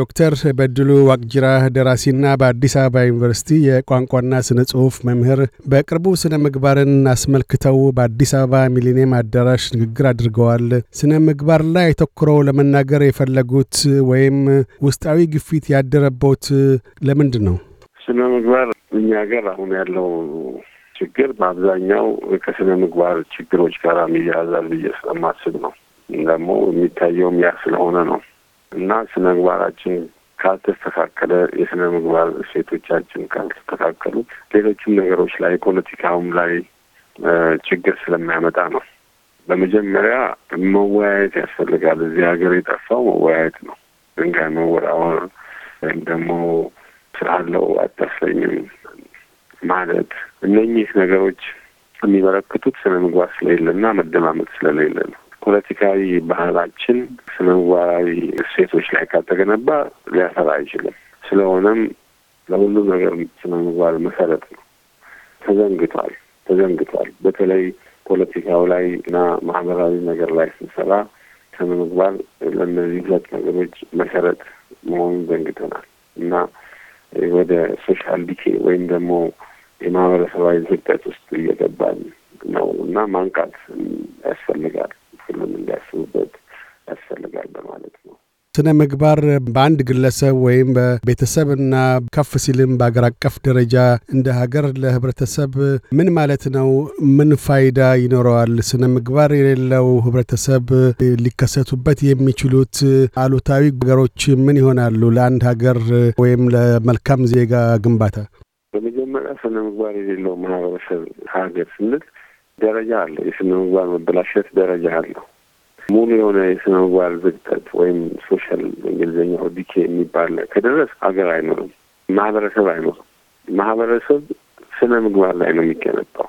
ዶክተር በድሉ ዋቅጅራ ደራሲና በአዲስ አበባ ዩኒቨርሲቲ የቋንቋና ስነ ጽሁፍ መምህር በቅርቡ ስነ ምግባርን አስመልክተው በአዲስ አበባ ሚሊኒየም አዳራሽ ንግግር አድርገዋል። ስነ ምግባር ላይ አተኩረው ለመናገር የፈለጉት ወይም ውስጣዊ ግፊት ያደረቦት ለምንድን ነው? ስነ ምግባር እኛ ሀገር አሁን ያለው ችግር በአብዛኛው ከስነ ምግባር ችግሮች ጋር የሚያያዛል ብዬ ስለማስብ ነው። ደግሞ የሚታየውም ያ ስለሆነ ነው እና ስነ ምግባራችን ካልተስተካከለ የስነ ምግባር እሴቶቻችን ካልተስተካከሉ ሌሎችም ነገሮች ላይ ፖለቲካውም ላይ ችግር ስለሚያመጣ ነው። በመጀመሪያ መወያየት ያስፈልጋል። እዚህ ሀገር የጠፋው መወያየት ነው። ድንጋይ መወራወር ወይም ደግሞ ስላለው አታሰኝም ማለት እነኚህ ነገሮች የሚመለክቱት ስነ ምግባር ስለሌለና መደማመጥ ስለሌለ ነው። ፖለቲካዊ ባህላችን ስነምግባራዊ እሴቶች ላይ ካልተገነባ ሊያሰራ አይችልም። ስለሆነም ለሁሉም ነገር ስነምግባር መሰረት ነው። ተዘንግቷል ተዘንግቷል። በተለይ ፖለቲካው ላይ እና ማህበራዊ ነገር ላይ ስንሰራ ስነምግባር ለእነዚህ ሁለት ነገሮች መሰረት መሆኑን ዘንግተናል እና ወደ ሶሻል ዲኬ ወይም ደግሞ የማህበረሰባዊ ዝቅጠት ውስጥ እየገባን ነው እና ማንቃት ያስፈልጋል። ሁሉም እንዲያስቡበት ያስፈልጋል በማለት ነው። ስነ ምግባር በአንድ ግለሰብ ወይም በቤተሰብና ከፍ ሲልም በአገር አቀፍ ደረጃ እንደ ሀገር ለህብረተሰብ ምን ማለት ነው? ምን ፋይዳ ይኖረዋል? ስነ ምግባር የሌለው ህብረተሰብ ሊከሰቱበት የሚችሉት አሉታዊ ነገሮች ምን ይሆናሉ? ለአንድ ሀገር ወይም ለመልካም ዜጋ ግንባታ በመጀመሪያ ስነ ምግባር የሌለው ማህበረሰብ ሀገር ስንል ደረጃ አለ። የስነ ምግባር መበላሸት ደረጃ አለው። ሙሉ የሆነ የስነ ምግባር ዝቅጠት ወይም ሶሻል እንግሊዝኛው ዲኬ የሚባል ከደረስ ሀገር አይኖርም፣ ማህበረሰብ አይኖርም። ማህበረሰብ ስነ ምግባር ላይ ነው የሚገነባው።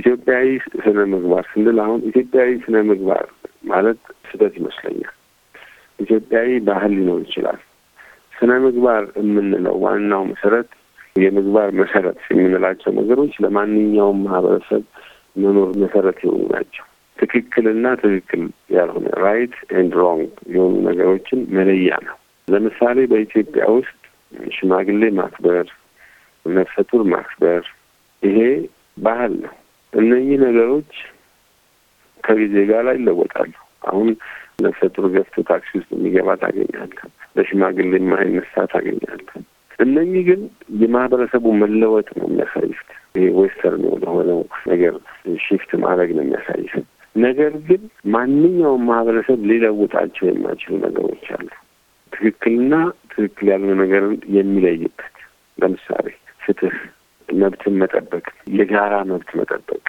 ኢትዮጵያዊ ስነ ምግባር ስንል አሁን ኢትዮጵያዊ ስነ ምግባር ማለት ስህተት ይመስለኛል። ኢትዮጵያዊ ባህል ሊኖር ይችላል። ስነ ምግባር የምንለው ዋናው መሰረት የምግባር መሰረት የምንላቸው ነገሮች ለማንኛውም ማህበረሰብ መኖር መሰረት የሆኑ ናቸው። ትክክልና ትክክል ያልሆነ ራይት ኤንድ ሮንግ የሆኑ ነገሮችን መለያ ነው። ለምሳሌ በኢትዮጵያ ውስጥ ሽማግሌ ማክበር፣ ነፍሰ ማክበር፣ ይሄ ባህል ነው። እነኚህ ነገሮች ከጊዜ ጋር ይለወጣሉ። አሁን ነፍሰጡር ገፍቶ ታክሲ ውስጥ የሚገባ ታገኛለህ። በሽማግሌ የማይነሳ ታገኛለህ። እነኚህ ግን የማህበረሰቡ መለወጥ ነው የሚያሳይት። ይሄ ዌስተርን ለሆነው ነገር ሺፍት ማድረግ ነው የሚያሳይት። ነገር ግን ማንኛውም ማህበረሰብ ሊለውጣቸው የማይችሉ ነገሮች አሉ። ትክክልና ትክክል ያልሆነ ነገርን የሚለይበት ለምሳሌ ፍትህ፣ መብትን መጠበቅ፣ የጋራ መብት መጠበቅ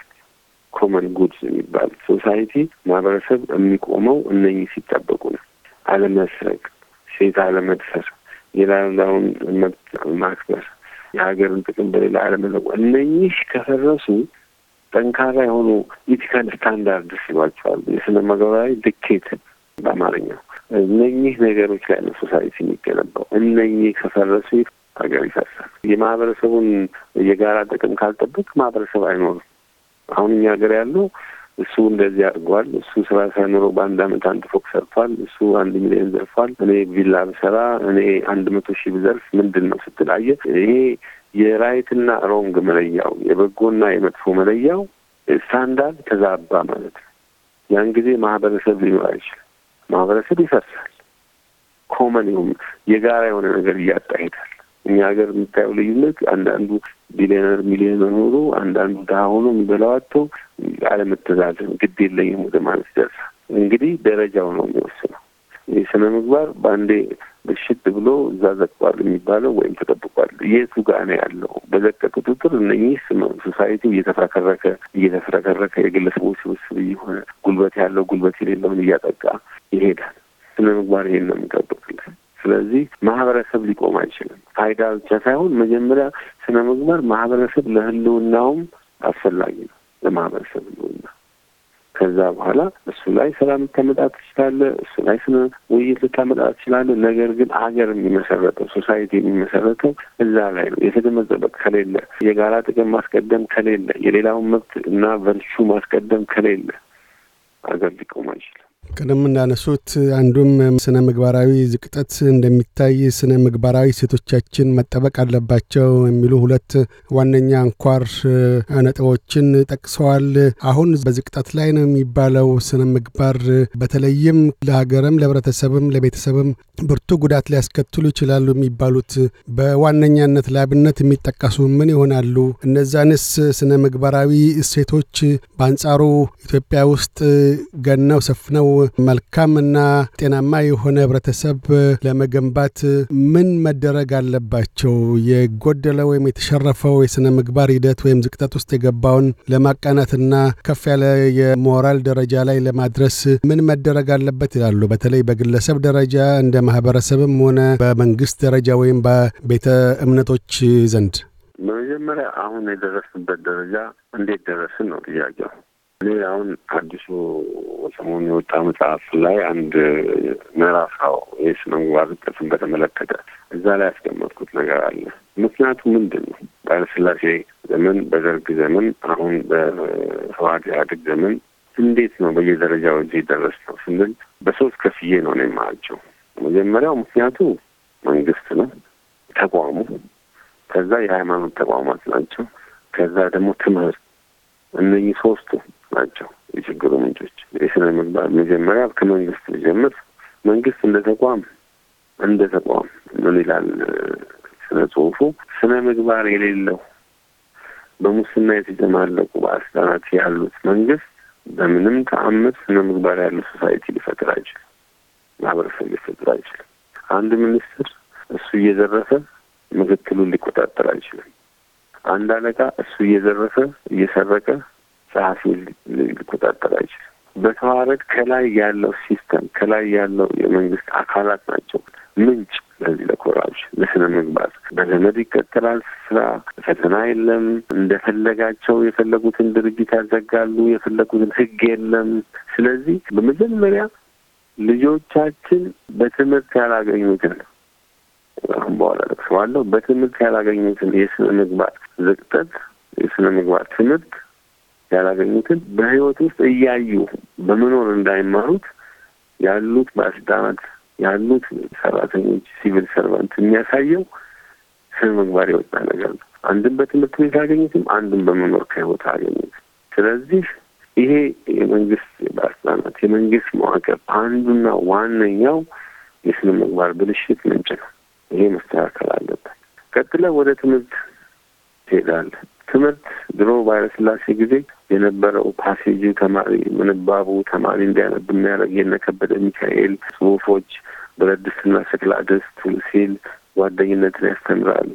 ኮመን ጉድስ የሚባል ሶሳይቲ ማህበረሰብ የሚቆመው እነኚህ ሲጠበቁ ነው። አለመስረቅ፣ ሴት አለመድፈር የላላውን መብት ማክበር፣ የሀገርን ጥቅም በሌላ አለመለወጥ፣ እነኚህ ከፈረሱ ጠንካራ የሆኑ ኢቲካል ስታንዳርድ ይሏቸዋል። የስነ ምግባራዊ ድኬት በአማርኛው እነኚህ ነገሮች ላይ ነው ሶሳይቲ የሚገነባው። እነኚህ ከፈረሱ ሀገር ይፈርሳል። የማህበረሰቡን የጋራ ጥቅም ካልጠበቅ ማህበረሰብ አይኖርም። አሁን እኛ ሀገር ያለው እሱ እንደዚህ አድርጓል፣ እሱ ስራ ሳይኖሮ በአንድ አመት አንድ ፎቅ ሰርቷል፣ እሱ አንድ ሚሊዮን ዘርፏል፣ እኔ ቪላ ብሰራ እኔ አንድ መቶ ሺህ ብዘርፍ ምንድን ነው ስትላየ ይሄ የራይትና ሮንግ መለያው የበጎና የመጥፎ መለያው ስታንዳርድ ተዛባ ማለት ነው። ያን ጊዜ ማህበረሰብ ሊኖር አይችልም። ማህበረሰብ ይፈርሳል። ኮመን የጋራ የሆነ ነገር እያጣ ሄዳል። እኛ ሀገር የምታየው ልዩነት አንዳንዱ ቢሊዮነር ሚሊዮነር ሆኖ አንዳንዱ ድሀ ሆኖ የሚበላዋቸው አለመተዛዘን፣ ግድ የለኝም ወደ ማለት ደርሳ እንግዲህ ደረጃው ነው የሚወስነው። ይህ ስነ ምግባር በአንዴ ብሽት ብሎ እዛ ዘቅቋል የሚባለው ወይም ተጠብቋል የቱ ጋ ነው ያለው? በዘቀ ቁጥጥር እነኚህ ሶሳይቲ እየተፍረከረከ እየተፍረከረከ የግለሰቦች ስብስብ እየሆነ ጉልበት ያለው ጉልበት የሌለውን እያጠቃ ይሄዳል። ስነ ምግባር ይሄን ነው የሚጠብቅልን። ስለዚህ ማህበረሰብ ሊቆም አይችልም። ፋይዳ ብቻ ሳይሆን መጀመሪያ ስነ ምግባር ማህበረሰብ ለህልውናውም አስፈላጊ ነው፣ ለማህበረሰብ ህልውና። ከዛ በኋላ እሱ ላይ ሰላም ልታመጣ ትችላለ፣ እሱ ላይ ስነ ውይይት ልታመጣ ትችላለ። ነገር ግን አገር የሚመሰረተው ሶሳይቲ የሚመሰረተው እዛ ላይ ነው። የተደመጠበ ከሌለ፣ የጋራ ጥቅም ማስቀደም ከሌለ፣ የሌላውን መብት እና ቨርቹ ማስቀደም ከሌለ አገር ሊቆም አይችልም። ቅድም እንዳነሱት አንዱም ስነ ምግባራዊ ዝቅጠት እንደሚታይ ስነ ምግባራዊ ሴቶቻችን መጠበቅ አለባቸው የሚሉ ሁለት ዋነኛ አንኳር ነጥቦችን ጠቅሰዋል። አሁን በዝቅጠት ላይ ነው የሚባለው ስነ ምግባር በተለይም ለሀገርም፣ ለህብረተሰብም፣ ለቤተሰብም ብርቱ ጉዳት ሊያስከትሉ ይችላሉ የሚባሉት በዋነኛነት ለአብነት የሚጠቀሱ ምን ይሆናሉ? እነዛንስ ስነ ምግባራዊ እሴቶች በአንጻሩ ኢትዮጵያ ውስጥ ገነው ሰፍነው መልካምና ጤናማ የሆነ ህብረተሰብ ለመገንባት ምን መደረግ አለባቸው? የጎደለ ወይም የተሸረፈው የሥነ ምግባር ሂደት ወይም ዝቅጠት ውስጥ የገባውን ለማቃናትና ከፍ ያለ የሞራል ደረጃ ላይ ለማድረስ ምን መደረግ አለበት ይላሉ? በተለይ በግለሰብ ደረጃ እንደ ማህበረሰብም ሆነ በመንግስት ደረጃ ወይም በቤተ እምነቶች ዘንድ በመጀመሪያ አሁን የደረስንበት ደረጃ እንዴት ደረስን ነው ጥያቄው። እኔ አሁን አዲሱ ሰሞኑን የወጣ መጽሐፍ ላይ አንድ ምዕራፍ የስነ ምግባር በተመለከተ እዛ ላይ ያስቀመጥኩት ነገር አለ። ምክንያቱ ምንድን ነው? በኃይለሥላሴ ዘመን፣ በደርግ ዘመን፣ አሁን በህወሓት ኢህአዴግ ዘመን እንዴት ነው በየደረጃው እዚህ ደረስ ነው ስንል በሶስት ከፍዬ ነው ነው የማያቸው። መጀመሪያው ምክንያቱ መንግስት ነው ተቋሙ፣ ከዛ የሃይማኖት ተቋማት ናቸው፣ ከዛ ደግሞ ትምህርት እነኚህ ሶስቱ ናቸው የችግሩ ምንጮች። የስነ ምግባር መጀመሪያ ከመንግስት ጀምር። መንግስት እንደ ተቋም እንደ ተቋም ምን ይላል ስነ ጽሁፉ? ስነ ምግባር የሌለው በሙስና የተጨማለቁ በአስተናት ያሉት መንግስት በምንም ተአምር ስነ ምግባር ያለው ሶሳይቲ ሊፈጥር አይችልም፣ ማህበረሰብ ሊፈጥር አይችልም። አንድ ሚኒስትር እሱ እየዘረፈ ምክትሉን ሊቆጣጠር አይችልም። አንድ አለቃ እሱ እየዘረፈ እየሰረቀ ጸሐፊውን ሊቆጣጠር አይችልም። በተዋረድ ከላይ ያለው ሲስተም ከላይ ያለው የመንግስት አካላት ናቸው ምንጭ ለዚህ ለኮራፕሽን ለስነ ምግባር በዘመድ ይከተላል። ስራ ፈተና የለም። እንደፈለጋቸው የፈለጉትን ድርጅት ያዘጋሉ። የፈለጉትን ህግ የለም። ስለዚህ በመጀመሪያ ልጆቻችን በትምህርት ያላገኙትን አሁን በኋላ ጠቅሰዋለሁ። በትምህርት ያላገኙትን የስነ ምግባር ዝቅጠት የስነ ምግባር ትምህርት ያላገኙትን በህይወት ውስጥ እያዩ በመኖር እንዳይማሩት ያሉት ባለስልጣናት ያሉት ሰራተኞች፣ ሲቪል ሰርቫንት የሚያሳየው ስነ ምግባር የወጣ ነገር ነው። አንድም በትምህርት ቤት አያገኙትም፣ አንድም በመኖር ከህይወት አገኙት። ስለዚህ ይሄ የመንግስት ባለስልጣናት የመንግስት መዋቅር አንዱና ዋነኛው የስነ ምግባር ብልሽት ምንጭ ነው። ይሄ መስተካከል አለበት። ቀጥለ ወደ ትምህርት ትሄዳለህ። ትምህርት ድሮ ኃይለሥላሴ ጊዜ የነበረው ፓሴጅ ተማሪ ምንባቡ ተማሪ እንዲያነብ የሚያደርግ የነከበደ ሚካኤል ጽሁፎች ብረድስትና ሸክላ ድስት ሲል ጓደኝነትን ያስተምራል።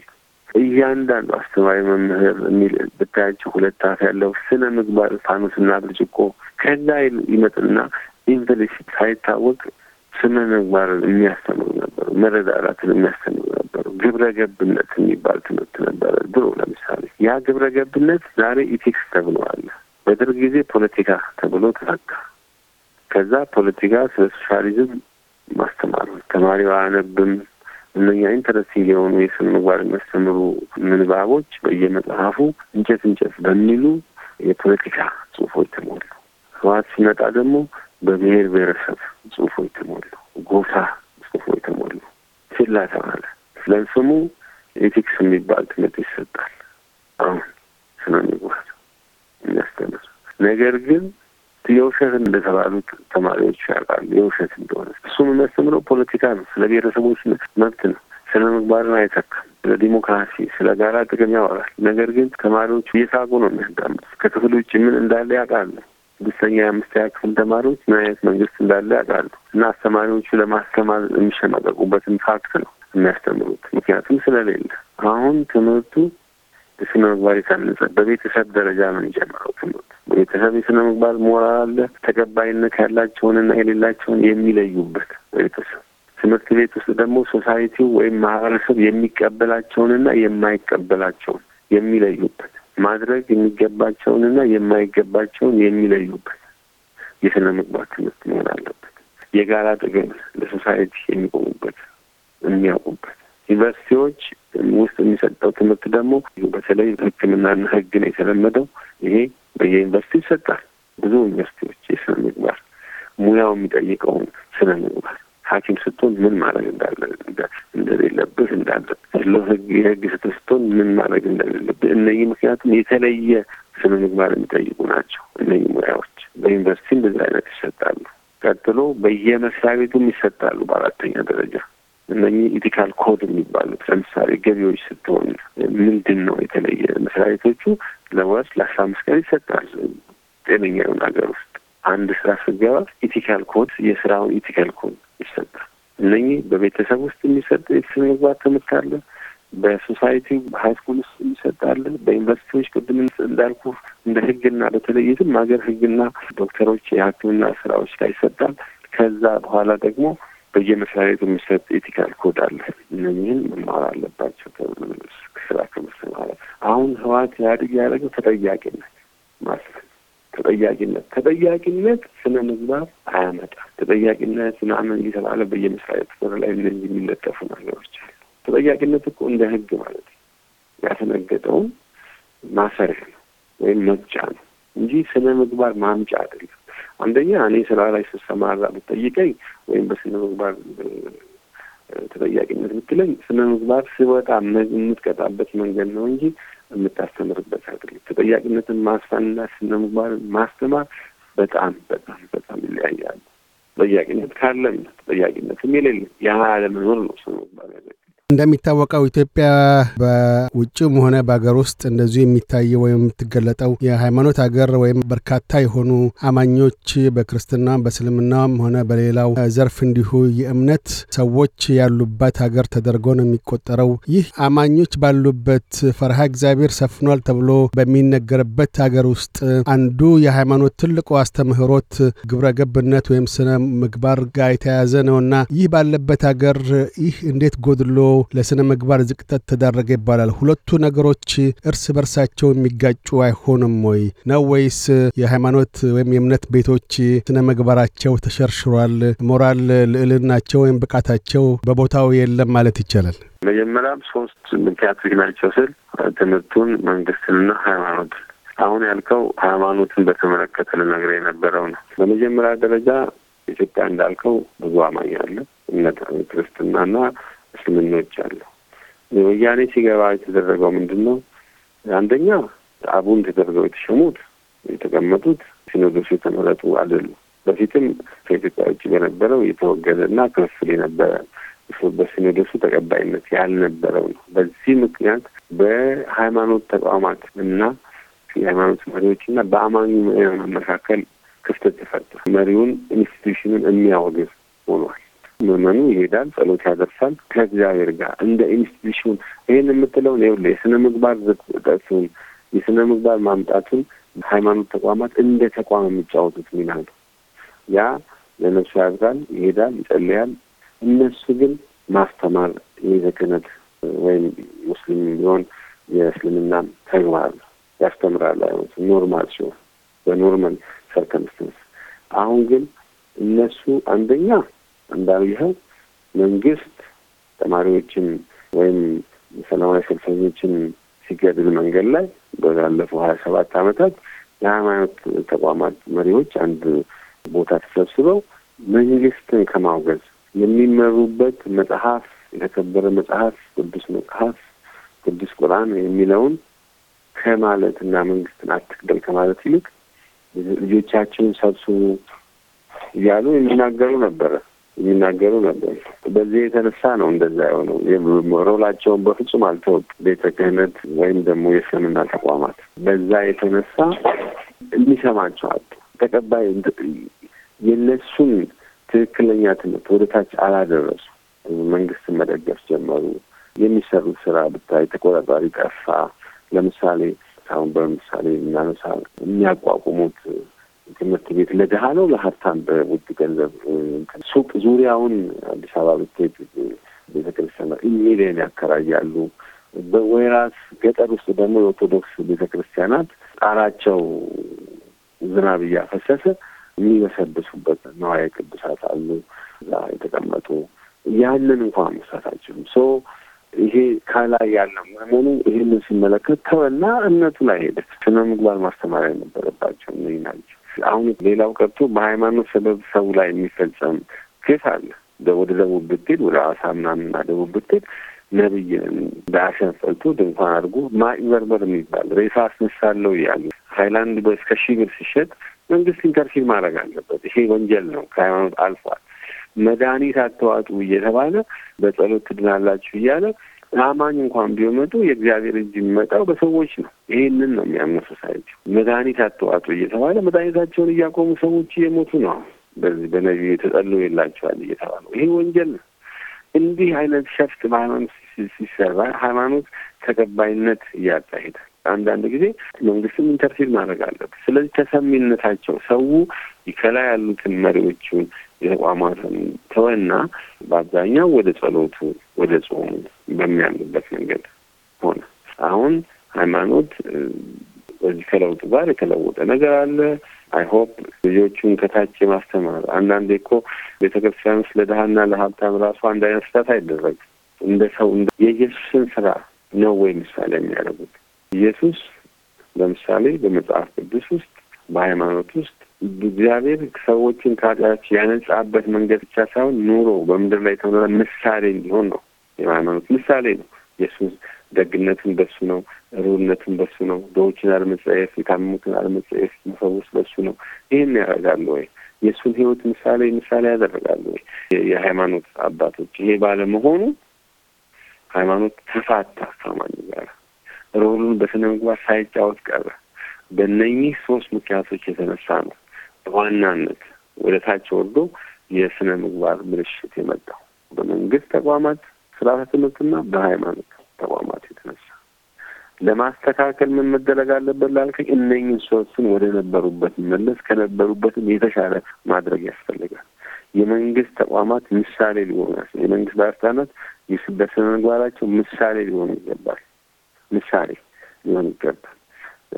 እያንዳንዱ አስተማሪ መምህር የሚል ብታያቸው ሁለት አፍ ያለው ስነ ምግባር ፋኖስና ብርጭቆ ከዛ ይመጥና ኢንቨሊሲት ሳይታወቅ ስነ ምግባርን የሚያስተምሩ ነበሩ። መረዳዳትን የሚያስተምሩ ነበሩ። ግብረ ገብነት የሚባል ትምህርት ነበረ ድሮ። ለምሳሌ ያ ግብረ ገብነት ዛሬ ኢቴክስ ተብለዋል። በደርግ ጊዜ ፖለቲካ ተብሎ ተዘጋ። ከዛ ፖለቲካ ስለ ሶሻሊዝም ማስተማሩ ተማሪው አያነብም። እነኛ ኢንተረስቲንግ የሆኑ የስነ ምግባር የሚያስተምሩ ምንባቦች በየመጽሐፉ እንጨት እንጨት በሚሉ የፖለቲካ ጽሁፎች ተሞሉ። ህወሓት ሲመጣ ደግሞ በብሔር ብሔረሰብ ጽሁፎች ተሞሉ፣ ጎሳ ጽሁፎች ተሞሉ። ችላ ተባለ። ስለስሙ ኤቲክስ የሚባል ትምህርት ይሰጣል። አሁን ስነ ምግባር የሚያስተምር ነገር ግን የውሸት እንደተባሉት ተማሪዎች ያውቃሉ የውሸት እንደሆነ። እሱም የሚያስተምረው ፖለቲካ ነው፣ ስለ ብሔረሰቦች መብት ነው። ስለ ምግባርን አይተካም። ስለ ዲሞክራሲ፣ ስለ ጋራ ጥቅም ያወራል። ነገር ግን ተማሪዎች እየሳቁ ነው የሚያዳምጡት። ከክፍል ውጭ ምን እንዳለ ያውቃሉ። ስድስተኛ የአምስተኛ ክፍል ተማሪዎች ምን አይነት መንግስት እንዳለ ያውቃሉ እና አስተማሪዎቹ ለማስተማር የሚሸማቀቁበትን ፋክት ነው የሚያስተምሩት፣ ምክንያቱም ስለሌለ አሁን ትምህርቱ ስነ ምግባር የታነጸ በቤተሰብ ደረጃ ነው የሚጀምረው ትምህርት። ቤተሰብ የስነ ምግባር ሞራል ተቀባይነት ያላቸውንና የሌላቸውን የሚለዩበት ቤተሰብ ትምህርት ቤት ውስጥ ደግሞ ሶሳይቲው ወይም ማህበረሰብ የሚቀበላቸውንና የማይቀበላቸውን የሚለዩበት ማድረግ የሚገባቸውንና የማይገባቸውን የሚለዩበት የስነ ምግባር ትምህርት መሆን አለበት። የጋራ ጥቅም ለሶሳይቲ የሚቆሙበት የሚያውቁበት ዩኒቨርሲቲዎች ውስጥ የሚሰጠው ትምህርት ደግሞ በተለይ ሕክምናና ሕግ ነው የተለመደው። ይሄ በየዩኒቨርሲቲ ይሰጣል። ብዙ ዩኒቨርሲቲዎች የስነ ምግባር ሙያው የሚጠይቀውን ስነ ምግባር ሐኪም ስትሆን ምን ማድረግ እንደሌለብህ እንዳለብህ ህግ የህግ ስትሆን ምን ማድረግ እንደሌለብህ እነዚህ ምክንያቱም የተለየ ስነ ምግባር የሚጠይቁ ናቸው። እነዚህ ሙያዎች በዩኒቨርሲቲ እንደዚህ አይነት ይሰጣሉ። ቀጥሎ በየመስሪያ ቤቱም ይሰጣሉ በአራተኛ ደረጃ እነኚህ ኢቲካል ኮድ የሚባሉት ለምሳሌ ገቢዎች ስትሆን ምንድን ነው የተለየ? መስሪያ ቤቶቹ ለወስ ለአስራ አምስት ቀን ይሰጣል። ጤነኛ የሆነ ሀገር ውስጥ አንድ ስራ ስገባ ኢቲካል ኮድ የስራውን ኢቲካል ኮድ ይሰጣል። እነኚህ በቤተሰብ ውስጥ የሚሰጥ የስነ ምግባር ትምህርት አለ። በሶሳይቲ ሀይስኩል ውስጥ ይሰጣል። በዩኒቨርሲቲዎች ቅድም እንዳልኩ እንደ ህግና በተለይ ሀገር ህግና ዶክተሮች የሐክምና ስራዎች ላይ ይሰጣል። ከዛ በኋላ ደግሞ በየመስሪያ ቤቱ የሚሰጥ ኤቲካል ኮድ አለ። እነዚህን መማር አለባቸው ስራ ማለት አሁን ህዋት ኢህአዴግ ያደረገው ተጠያቂነት ማለት ተጠያቂነት ተጠያቂነት ስነ ምግባር አያመጣም። ተጠያቂነት ምናምን እየተባለ በየመስሪያ ቤቱ በር ላይ የሚለጠፉ ነገሮች አሉ። ተጠያቂነት እኮ እንደ ህግ ማለት ነው። ያተነገጠውን ማሰሪያ ነው ወይም መቅጫ ነው እንጂ ስነ ምግባር ማምጫ አይደለም። አንደኛ እኔ ስራ ላይ ስሰማራ ብትጠይቀኝ ወይም በስነ ምግባር ተጠያቂነት ብትለኝ ስነ ምግባር ስወጣ የምትቀጣበት መንገድ ነው እንጂ የምታስተምርበት አይደለም። ተጠያቂነትን ማስፈንና ስነ ምግባር ማስተማር በጣም በጣም በጣም ይለያያሉ። ተጠያቂነት ካለም ተጠያቂነትም የሌለም ያ አለመኖር ነው ስነ ምግባር ያዘ እንደሚታወቀው ኢትዮጵያ በውጭም ሆነ በሀገር ውስጥ እንደዚሁ የሚታየው ወይም የምትገለጠው የሃይማኖት ሀገር ወይም በርካታ የሆኑ አማኞች በክርስትናም በእስልምናም ሆነ በሌላው ዘርፍ እንዲሁ የእምነት ሰዎች ያሉባት ሀገር ተደርጎ ነው የሚቆጠረው። ይህ አማኞች ባሉበት ፈርሃ እግዚአብሔር ሰፍኗል ተብሎ በሚነገርበት ሀገር ውስጥ አንዱ የሃይማኖት ትልቁ አስተምህሮት ግብረ ገብነት ወይም ስነ ምግባር ጋር የተያያዘ ነውና ይህ ባለበት ሀገር ይህ እንዴት ጎድሎ ለስነ ምግባር ዝቅጠት ተዳረገ ይባላል። ሁለቱ ነገሮች እርስ በርሳቸው የሚጋጩ አይሆንም ወይ ነው ወይስ የሃይማኖት ወይም የእምነት ቤቶች ስነ ምግባራቸው ተሸርሽሯል፣ ሞራል ልዕልናቸው ወይም ብቃታቸው በቦታው የለም ማለት ይቻላል? መጀመሪያም ሶስት ምክንያቶች ናቸው ስል ትምህርቱን፣ መንግስትንና ሃይማኖትን አሁን ያልከው ሃይማኖትን በተመለከተ ልነግርህ የነበረው ነው። በመጀመሪያ ደረጃ ኢትዮጵያ እንዳልከው ብዙ አማኝ አለ እምነት ክርስትናና እስልምናዎች አሉ። ወያኔ ሲገባ የተደረገው ምንድን ነው? አንደኛ አቡን ተደርገው የተሸሙት የተቀመጡት ሲኖዶሱ የተመረጡ አይደሉም። በፊትም ከኢትዮጵያ ውጭ በነበረው የተወገደ እና ክፍፍል የነበረ በሲኖዶሱ ተቀባይነት ያልነበረው ነው። በዚህ ምክንያት በሃይማኖት ተቋማት እና የሃይማኖት መሪዎች እና በአማኙ መካከል ክፍተት ተፈጠረ። መሪውን ኢንስቲትዩሽኑን የሚያወግዝ ሆኗል። ምእመኑ ይሄዳል፣ ጸሎት ያደርሳል ከእግዚአብሔር ጋር እንደ ኢንስቲትዩሽን ይህን የምትለውን ይኸውልህ የስነ ምግባር ዝቅጠቱን የስነ ምግባር ማምጣቱን ሃይማኖት ተቋማት እንደ ተቋም የሚጫወቱት ሚና ነው። ያ ለነሱ ያዝራል፣ ይሄዳል፣ ይጸልያል። እነሱ ግን ማስተማር የቤተ ክህነት ወይም ሙስሊም ቢሆን የእስልምና ተግባር ያስተምራል። አይነት ኖርማል ሲሆን በኖርማል ሰርከምስተንስ አሁን ግን እነሱ አንደኛ እንዳየኸው መንግስት ተማሪዎችን ወይም ሰላማዊ ሰልፈኞችን ሲገድል መንገድ ላይ በላለፉ ሀያ ሰባት አመታት የሃይማኖት ተቋማት መሪዎች አንድ ቦታ ተሰብስበው መንግስትን ከማውገዝ የሚመሩበት መጽሐፍ የተከበረ መጽሐፍ ቅዱስ መጽሐፍ ቅዱስ ቁርአን የሚለውን ከማለት እና መንግስትን አትግደል ከማለት ይልቅ ልጆቻችንን ሰብስቡ እያሉ የሚናገሩ ነበረ። የሚናገሩ ነበር። በዚህ የተነሳ ነው እንደዛ የሆነው። ሮላቸውን በፍጹም አልተወጡ ቤተ ክህነት ወይም ደግሞ የእስልምና ተቋማት በዛ የተነሳ የሚሰማቸው ተቀባይ የነሱን ትክክለኛ ትምህርት ወደ ታች አላደረሱ። መንግስትን መደገፍ ጀመሩ። የሚሰሩት ስራ ብታይ ተቆጣጣሪ ጠፋ። ለምሳሌ አሁን በምሳሌ እናነሳ የሚያቋቁሙት ትምህርት ቤት ለድሀ ነው ለሀብታም በውድ ገንዘብ ሱቅ ዙሪያውን አዲስ አበባ ብትሄድ ቤተክርስቲያን ክርስቲያን ኢሚሊየን ያከራያሉ። በወይራስ ገጠር ውስጥ ደግሞ የኦርቶዶክስ ቤተክርስቲያናት ጣራቸው ዝናብ እያፈሰሰ የሚበሰብሱበት ነዋየ ቅዱሳት አሉ እዛ የተቀመጡ ያንን እንኳን መስራት አይችሉም። ሶ ይሄ ከላይ ያለ መሆኑ ይህንን ሲመለከት ተወና እምነቱ ላይ ሄደ። ስነ ምግባር ማስተማሪያ የነበረባቸው ናቸው። አሁን ሌላው ቀርቶ በሃይማኖት ሰበብ ሰው ላይ የሚፈጸም ክስ አለ። ወደ ደቡብ ብትሄድ ወደ አዋሳ ምናምንና ደቡብ ብትሄድ ነብይ ዳሸን ፈልቶ ድንኳን አድርጎ ማጭበርበር የሚባል ሬሳ አስነሳለሁ እያሉ ሀይላንድ በእስከ ሺህ ብር ሲሸጥ መንግስት ኢንተርፊር ማድረግ አለበት። ይሄ ወንጀል ነው፣ ከሃይማኖት አልፏል። መድኃኒት አተዋጡ እየተባለ በጸሎት ትድናላችሁ እያለ አማኝ እንኳን ቢመጡ የእግዚአብሔር እጅ የሚመጣው በሰዎች ነው። ይህንን ነው የሚያምኑ ሶሳይቲ። መድኃኒት አተዋጡ እየተባለ መድኃኒታቸውን እያቆሙ ሰዎች እየሞቱ ነው። በዚህ በነቢዩ የተጠሉ የላቸዋል እየተባለ ይሄ ወንጀል ነው። እንዲህ አይነት ሸፍት በሃይማኖት ሲሰራ ሃይማኖት ተቀባይነት እያጣ ሄዳል። አንዳንድ ጊዜ መንግስትም ኢንተርፊር ማድረግ አለበት። ስለዚህ ተሰሚነታቸው ሰው ከላይ ያሉትን መሪዎቹን የተቋማትን ተወና በአብዛኛው ወደ ጸሎቱ ወደ ጾሙ በሚያምኑበት መንገድ ሆነ። አሁን ሃይማኖት በዚህ ከለውጡ ጋር የተለወጠ ነገር አለ። አይሆፕ ልጆቹን ከታች የማስተማር አንዳንዴ እኮ ቤተ ክርስቲያን ውስጥ ለድሀና ለሀብታም ራሱ አንድ አይነት ስታት አይደረግ እንደ ሰው የኢየሱስን ስራ ነው ወይ ምሳሌ የሚያደርጉት? ኢየሱስ ለምሳሌ በመጽሐፍ ቅዱስ ውስጥ በሃይማኖት ውስጥ እግዚአብሔር ሰዎችን ከኃጢአታቸው ያነጻበት መንገድ ብቻ ሳይሆን ኑሮ በምድር ላይ ተምረ ምሳሌ እንዲሆን ነው። የሃይማኖት ምሳሌ ነው። ኢየሱስ ደግነቱን በሱ ነው፣ ሩህነቱን በሱ ነው፣ ድሆችን አለመጸየፍ፣ የታመሙትን አለመጸየፍ መፈወስ በሱ ነው። ይህን ያደርጋሉ ወይ? የእሱን ህይወት ምሳሌ ምሳሌ ያደርጋሉ ወይ? የሃይማኖት አባቶች ይሄ ባለመሆኑ ሃይማኖት ተፋታ ከማን ጋር ሮሉን በስነ ምግባር ሳይጫወት ቀረ። በእነኚህ ሶስት ምክንያቶች የተነሳ ነው በዋናነት ወደ ታች ወርዶ የስነ ምግባር ብልሽት የመጣው በመንግስት ተቋማት ስርዓተ ትምህርትና በሃይማኖት ተቋማት የተነሳ ለማስተካከል ምን መደረግ አለበት ላልከኝ እነኝን ሶስቱን ወደ ነበሩበት መለስ ከነበሩበትም የተሻለ ማድረግ ያስፈልጋል። የመንግስት ተቋማት ምሳሌ ሊሆኑ ያስ የመንግስት ባለስልጣናት በስነ ምግባራቸው ምሳሌ ሊሆኑ ይገባል። ምሳሌ ሊሆን ይገባል።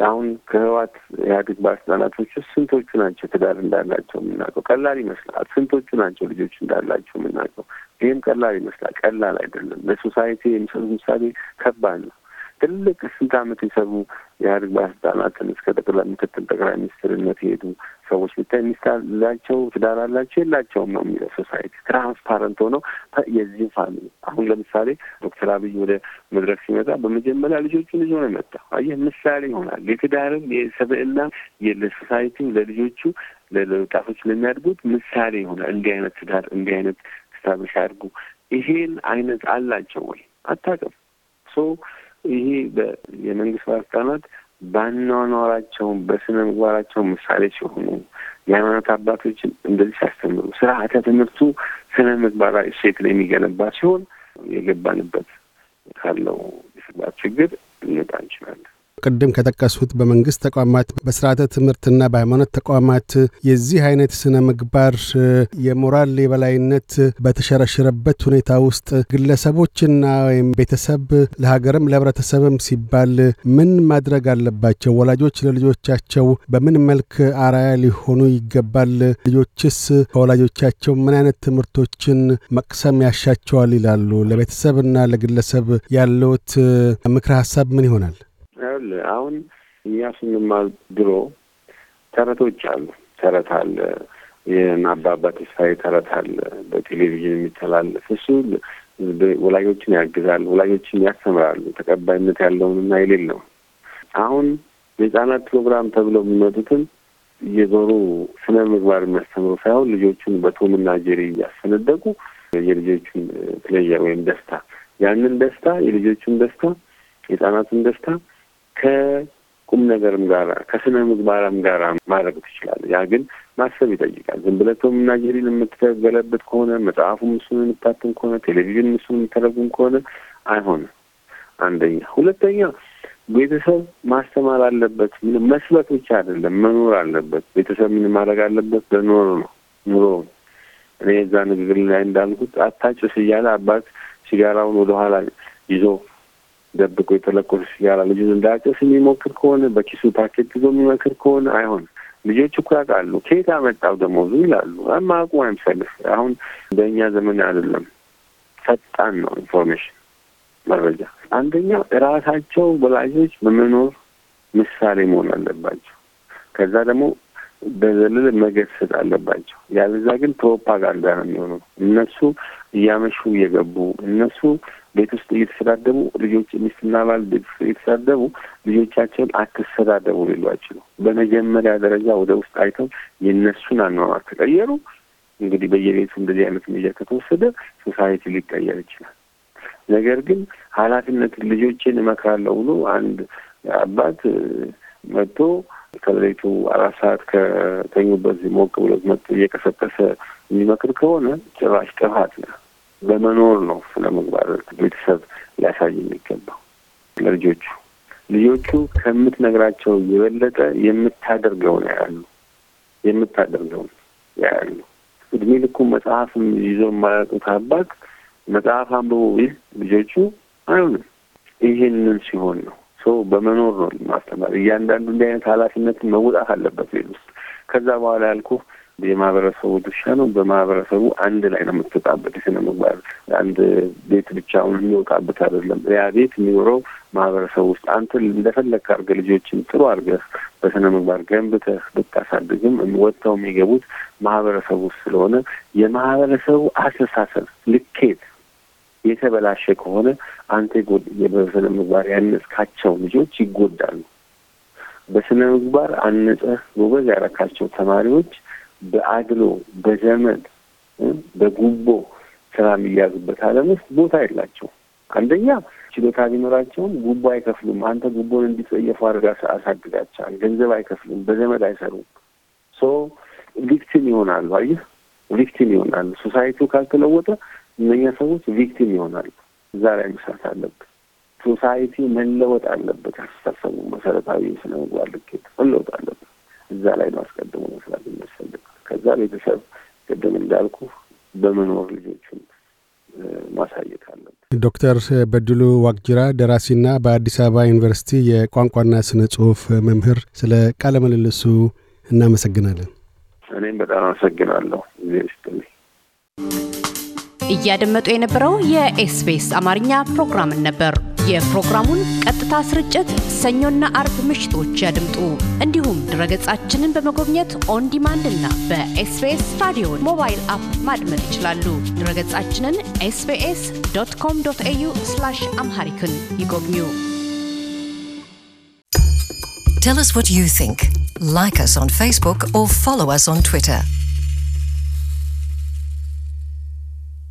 አሁን ከህዋት ኢህአዴግ ባለስልጣናቶች ውስጥ ስንቶቹ ናቸው ትዳር እንዳላቸው የምናውቀው? ቀላል ይመስላል። ስንቶቹ ናቸው ልጆች እንዳላቸው የምናውቀው? ይህም ቀላል ይመስላል። ቀላል አይደለም። ለሶሳይቲ የሚሰሩት ምሳሌ ከባድ ነው። ትልቅ ስንት ዓመት የሰሩ የኢህአዴግ ባለስልጣናትን እስከ ጠቅላይ ምክትል ጠቅላይ ሚኒስትርነት የሄዱ ሰዎች ብታይ ሚስት ትዳር አላቸው፣ የላቸውም ነው የሚለው ሶሳይቲ። ትራንስፓረንት ሆነው የዚህም ፋሚሊ አሁን ለምሳሌ ዶክተር አብይ ወደ መድረክ ሲመጣ በመጀመሪያ ልጆቹ ልጅ ሆነ መጣ። አየህ ምሳሌ ይሆናል። የትዳርም የሰብእና ለሶሳይቲው ለልጆቹ ለወጣቶች ለሚያድጉት ምሳሌ ይሆናል። እንዲህ አይነት ትዳር እንዲህ አይነት ስታብሊሽ አድርጉ። ይሄን አይነት አላቸው ወይ አታውቅም ሶ ይሄ የመንግስት ባለስልጣናት ባኗኗራቸውን በስነ ምግባራቸው ምሳሌ ሲሆኑ የሃይማኖት አባቶችን እንደዚህ ሲያስተምሩ ስርዓተ ትምህርቱ ስነ ምግባራዊ እሴት ላይ የሚገነባ ሲሆን የገባንበት ካለው ስባት ችግር ልንወጣ እንችላለን። ቅድም ከጠቀሱት በመንግስት ተቋማት በስርዓተ ትምህርትና በሃይማኖት ተቋማት የዚህ አይነት ስነ ምግባር የሞራል የበላይነት በተሸረሸረበት ሁኔታ ውስጥ ግለሰቦችና ወይም ቤተሰብ ለሀገርም ለህብረተሰብም ሲባል ምን ማድረግ አለባቸው? ወላጆች ለልጆቻቸው በምን መልክ አራያ ሊሆኑ ይገባል? ልጆችስ ከወላጆቻቸው ምን አይነት ትምህርቶችን መቅሰም ያሻቸዋል ይላሉ? ለቤተሰብና ለግለሰብ ያለውት ምክረ ሀሳብ ምን ይሆናል? አሁን እኛ ስንማር ድሮ ተረቶች አሉ። ተረት አለ፣ የአባባ ተስፋዬ ተረት አለ በቴሌቪዥን የሚተላለፍ እሱ ወላጆችን ያግዛል፣ ወላጆችን ያስተምራሉ፣ ተቀባይነት ያለውንና የሌለውን። አሁን የህጻናት ፕሮግራም ተብለው የሚመጡትን እየዞሩ ስነ ምግባር የሚያስተምሩ ሳይሆን ልጆቹን በቶምና ጄሪ እያስፈነደቁ የልጆቹን ፕሌየር ወይም ደስታ ያንን ደስታ የልጆቹን ደስታ የህጻናቱን ደስታ ከቁም ነገርም ጋራ ከስነ ምግባርም ጋራ ማድረግ ትችላለህ። ያ ግን ማሰብ ይጠይቃል። ዝም ብለህ ቶምና የምትገለበት ከሆነ መጽሐፉም እሱን የምታትም ከሆነ ቴሌቪዥን እሱን የምተረጉም ከሆነ አይሆንም። አንደኛ። ሁለተኛ ቤተሰብ ማስተማር አለበት። ምንም መስበት ብቻ አይደለም፣ መኖር አለበት። ቤተሰብ ምን ማድረግ አለበት? በኖሩ ነው ኑሮ እኔ የዛ ንግግር ላይ እንዳልኩት አታጭስ እያለ አባት ሲጋራውን ወደኋላ ይዞ ደብቆ የተለኮሰ ሲጋራ ልጁን እንዳያጨስ የሚሞክር ከሆነ በኪሱ ፓኬት ይዞ የሚመክር ከሆነ አይሆን ልጆች እኮ ያውቃሉ። ከየት አመጣው ደሞዙ ይላሉ። ማቁም አይምሰልህ። አሁን በእኛ ዘመን አይደለም፣ ፈጣን ነው ኢንፎርሜሽን መረጃ። አንደኛ እራሳቸው ወላጆች በመኖር ምሳሌ መሆን አለባቸው። ከዛ ደግሞ በዘለለ መገሰጥ አለባቸው። ያለዛ ግን ፕሮፓጋንዳ ነው የሚሆኑ እነሱ እያመሹ እየገቡ እነሱ ቤት ውስጥ እየተሰዳደቡ ልጆች ሚስትና ባል ቤት ውስጥ እየተሰዳደቡ ልጆቻቸውን አትሰዳደቡ ሌሏቸው ነው። በመጀመሪያ ደረጃ ወደ ውስጥ አይተው የነሱን አኗኗር ተቀየሩ እንግዲህ በየቤቱ እንደዚህ አይነት ሚዲያ ከተወሰደ ሶሳይቲ ሊቀየር ይችላል። ነገር ግን ኃላፊነትን ልጆቼን እመክራለሁ ብሎ አንድ አባት መጥቶ ከሌሊቱ አራት ሰዓት ከተኙበት ሞቅ ብሎት መጥቶ እየቀሰቀሰ የሚመክር ከሆነ ጭራሽ ጥፋት ነው። በመኖር ነው ስነ ምግባር ቤተሰብ ሊያሳይ የሚገባው ለልጆቹ። ልጆቹ ከምትነግራቸው የበለጠ የምታደርገው ነው ያሉ የምታደርገው ያሉ። እድሜ ልኩ መጽሐፍ ይዞ የማያውቁት አባት መጽሐፍ አንብቦ ቢል ልጆቹ አይሆንም። ይሄንን ሲሆን ነው ሰው በመኖር ነው ማስተማር። እያንዳንዱ እንዲህ አይነት ኃላፊነትን መውጣት አለበት ቤት ውስጥ ከዛ በኋላ ያልኩ የማህበረሰቡ ድርሻ ነው። በማህበረሰቡ አንድ ላይ ነው የምትወጣበት የስነ ምግባር አንድ ቤት ብቻውን የሚወጣበት አይደለም። ያ ቤት የሚኖረው ማህበረሰቡ ውስጥ አንተ እንደፈለግህ አድርገህ ልጆችን ጥሩ አድርገህ በስነ ምግባር ገንብተህ ብታሳድግም ወጥተው የሚገቡት ማህበረሰቡ ውስጥ ስለሆነ የማህበረሰቡ አስተሳሰብ ልኬት የተበላሸ ከሆነ አንተ በስነ ምግባር ያነጽካቸው ልጆች ይጎዳሉ። በስነ ምግባር አነጸህ ጎበዝ ያረካቸው ተማሪዎች በአድሎ በዘመን በጉቦ ስራ የሚያዙበት አለም ውስጥ ቦታ የላቸው። አንደኛ ችሎታ ቢኖራቸውም ጉቦ አይከፍሉም። አንተ ጉቦን እንዲጸየፉ አድርጋ አሳድጋቸዋል። ገንዘብ አይከፍሉም። በዘመድ አይሰሩም። ሶ ቪክቲም ይሆናሉ። አየህ ቪክቲም ይሆናሉ። ሶሳይቲው ካልተለወጠ እነኛ ሰዎች ቪክቲም ይሆናሉ። እዛ ላይ መስራት አለብን። ሶሳይቲ መለወጥ አለበት። አስተሳሰቡ መሰረታዊ ስነ ምግባር ልኬት መለወጥ አለበት። እዛ ላይ ነው አስቀድሞ መስራት የሚያስፈልግ። ከዛ ቤተሰብ ቅድም እንዳልኩ በመኖር ልጆችን ማሳየት አለብን። ዶክተር በድሉ ዋቅጅራ ደራሲና በአዲስ አበባ ዩኒቨርሲቲ የቋንቋና ስነ ጽሁፍ መምህር፣ ስለ ቃለ ምልልሱ እናመሰግናለን። እኔም በጣም አመሰግናለሁ። ጊዜ እያደመጡ የነበረው የኤስቢኤስ አማርኛ ፕሮግራምን ነበር። የፕሮግራሙን ቀጥታ ስርጭት ሰኞና አርብ ምሽቶች ያድምጡ። እንዲሁም ድረገጻችንን በመጎብኘት ኦን ዲማንድ እና በኤስቤስ ራዲዮ ሞባይል አፕ ማድመጥ ይችላሉ። ድረገጻችንን ኤስቤስ ዶት ኮም ዶት ኤዩ አምሃሪክን ይጎብኙ። Tell us what you think. Like us on Facebook or follow